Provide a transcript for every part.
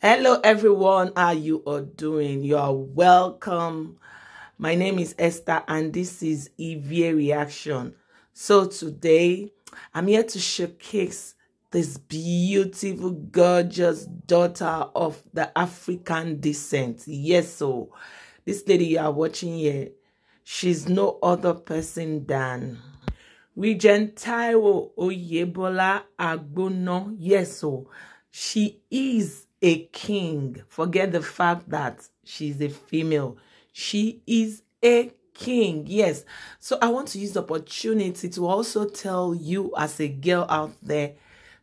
Hello, everyone. How you are doing? You are welcome. My name is Esther, and this is EVA Reaction. So today, I'm here to showcase this beautiful, gorgeous daughter of the African descent. Yes, so this lady you are watching here, she's no other person than Regent Taiwo Oyebola Agbono. Yes, so she is a king. Forget the fact that she's a female. She is a king. Yes. So I want to use the opportunity to also tell you as a girl out there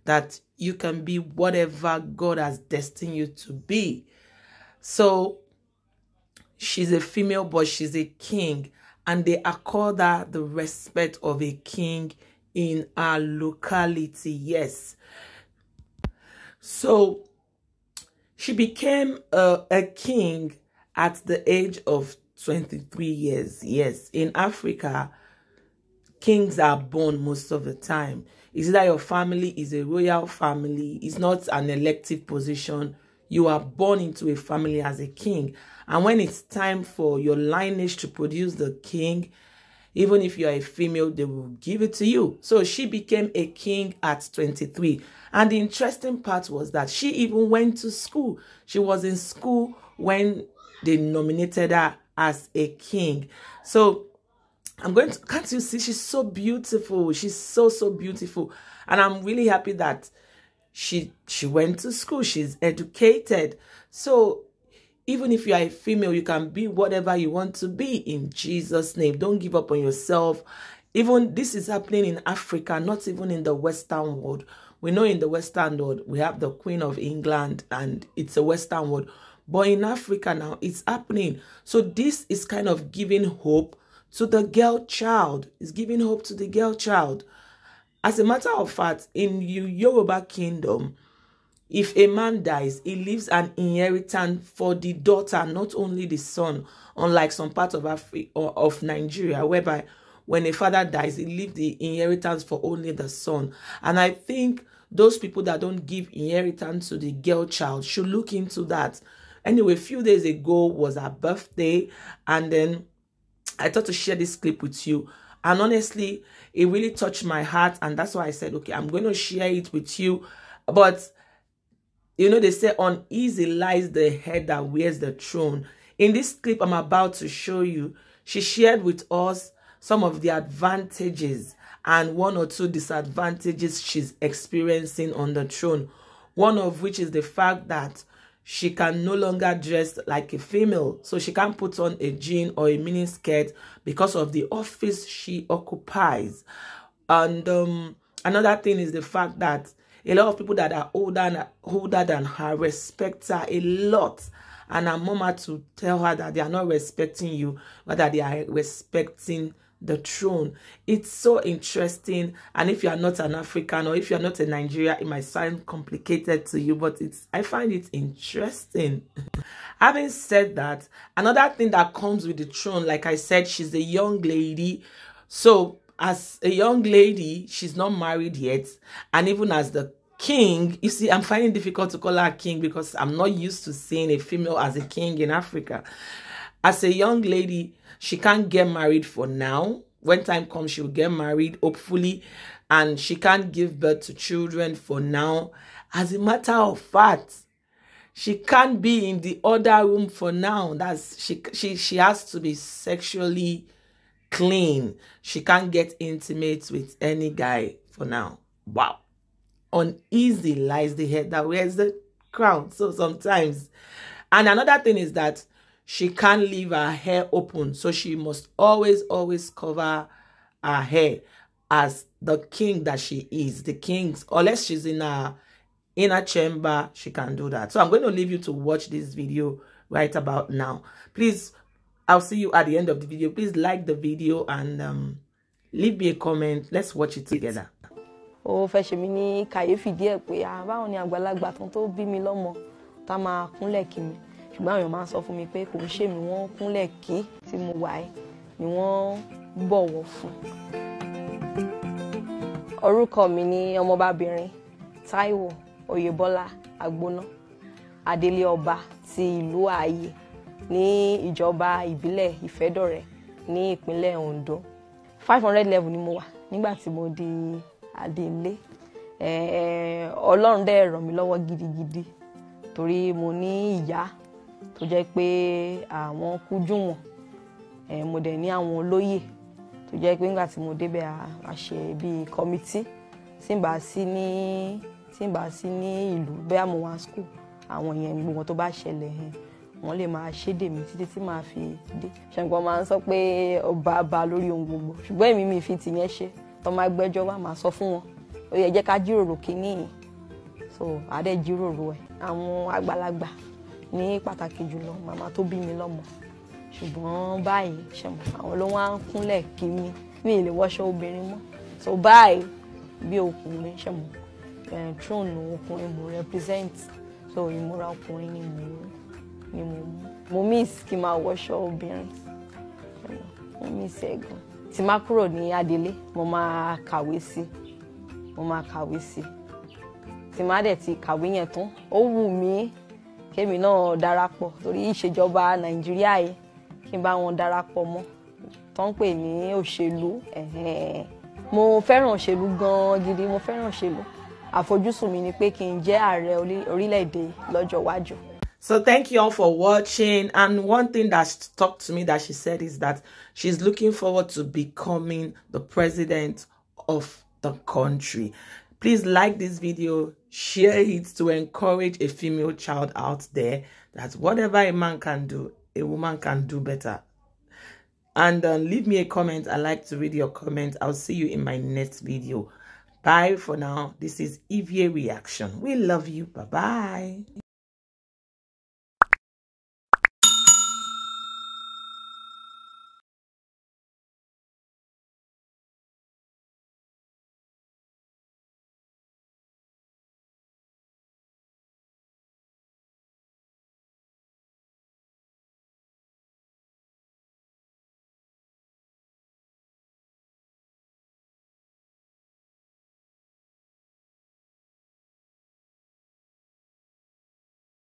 that you can be whatever God has destined you to be. So she's a female, but she's a king. And they accord her the respect of a king in our locality. Yes. So she became a, a king at the age of 23 years. Yes, in Africa, kings are born most of the time. Is that your family is a royal family? It's not an elective position. You are born into a family as a king. And when it's time for your lineage to produce the king, even if you are a female, they will give it to you. So she became a king at 23. And the interesting part was that she even went to school. She was in school when they nominated her as a king. So I'm going to, can't you see? She's so beautiful. She's so, so beautiful. And I'm really happy that she she went to school. She's educated. So even if you are a female, you can be whatever you want to be in Jesus' name. Don't give up on yourself. Even this is happening in Africa, not even in the Western world. We know in the Western world, we have the Queen of England and it's a Western world. But in Africa now, it's happening. So this is kind of giving hope to the girl child. It's giving hope to the girl child. As a matter of fact, in Yoruba kingdom, if a man dies, he leaves an inheritance for the daughter, not only the son, unlike some parts of Africa or of Nigeria, whereby when a father dies, he leaves the inheritance for only the son. And I think those people that don't give inheritance to the girl child should look into that. Anyway, a few days ago was her birthday, and then I thought to share this clip with you. And honestly, it really touched my heart, and that's why I said, okay, I'm going to share it with you. But you know, they say, uneasy lies the head that wears the throne. In this clip I'm about to show you, she shared with us some of the advantages and one or two disadvantages she's experiencing on the throne. One of which is the fact that she can no longer dress like a female. So she can't put on a jean or a mini skirt because of the office she occupies. And um, another thing is the fact that A lot of people that are older, older than her respect her a lot. And her mama to tell her that they are not respecting you, but that they are respecting the throne. It's so interesting. And if you are not an African or if you are not a Nigeria, it might sound complicated to you, but it's I find it interesting. Having said that, another thing that comes with the throne, like I said, she's a young lady. So as a young lady, she's not married yet. And even as the king, you see, I'm finding difficult to call her king because I'm not used to seeing a female as a king in Africa. As a young lady, she can't get married for now. When time comes, she'll get married, hopefully. And she can't give birth to children for now. As a matter of fact, she can't be in the other room for now. That's she she she has to be sexually clean. She can't get intimate with any guy for now. Wow. Uneasy lies the head that wears the crown. So sometimes. And another thing is that she can't leave her hair open. So she must always, always cover her hair as the king that she is. The king's, unless she's in a inner chamber, she can do that. So I'm going to leave you to watch this video right about now. Please I'll see you at the end of the video. Please like the video and um, leave me a comment. Let's watch it together. Oh, fẹ́ ṣe mí ní kàyéfì díẹ̀ pé ah, báwo ni àgbàlagbà tó tó bí mi lọ́mọ tá máa kúnlẹ̀ kí mi ṣùgbọ́n àwọn èèyàn máa ń sọ fún mi pé kò ń ṣe mi wọ́n kúnlẹ̀ kí tí mo wà ẹ́ ni wọ́n bọ̀wọ̀ fún. orúkọ mi ni ọmọbabìnrin Táíwò Oyèbọ́lá Àgbóná Adélé ọba ti ìlú ààyè ní ìjọba ìbílẹ̀ ìfẹ́dọ̀rẹ́ ní ìpínlẹ̀ Ondo five hundred level ni mo wà nígbà tí mo di adélé Ọlọ́run dẹ̀ ràn mí lọ́wọ́ gidigidi torí mo ní ìyá tó jẹ́ pé àwọn kújú wọn mo dẹ̀ ní àwọn olóyè tó jẹ́ pé nígbà tí mo débẹ̀ a ṣe bíi kọ́mítì tí n bá sí ní tí n bá sí ní ìlú bẹ́ẹ̀ mo wá school àwọn yẹn gbogbo tó bá ṣẹlẹ̀ yẹn wọ́n lè máa ṣédè mi títí tí màá fi dé ṣùgbọ́n máa ń sọ pé ọba bá lórí ohun gbogbo ṣùgbọ́n èmi mi fi tìyẹn ṣe tó máa gbẹ́jọ́ wá màá sọ fún wọn ó yẹ jẹ́ ká jíròrò kínní yìí so àdé jíròrò ẹ̀ àwọn àgbàlagbà ní pàtàkì jùlọ màmá tó bí mi lọ́mọ ṣùgbọ́n báyìí ṣẹ̀mọ̀ àwọn ló wá ń kúnlẹ̀ kí mi mi ì lè wọṣọ obìnrin mọ́ so báyìí bí ọkùnrin ṣẹ̀mọ̀ eh, throne ọkùnrin mo represent so ìmúra ọkùnrin ni mo ń ni mo mú mo miss kí n máa wọṣọ obìnrin mo miss ẹ̀ gan tí má kúrò ní adelé mo máa kàwé sí mo máa kàwé sí tí má dẹ̀ ti kàwé yẹn tán ó wù mí kémi náà darapọ̀ torí ìṣèjọba nàìjíríà yìí kí n bá wọn darapọ̀ mọ́ tó ń pè ní òṣèlú mo fẹ́ràn òṣèlú gan-an gidi mo fẹ́ràn òṣèlú àfojúsùn mi ni pé kí n jẹ́ ààrẹ orílẹ̀-èdè lọ́jọ́ iwájú. So thank you all for watching. And one thing that she talked to me that she said is that she's looking forward to becoming the president of the country. Please like this video, share it to encourage a female child out there that whatever a man can do, a woman can do better. And uh, leave me a comment. I like to read your comments. I'll see you in my next video. Bye for now. This is EVA Reaction. We love you. Bye-bye.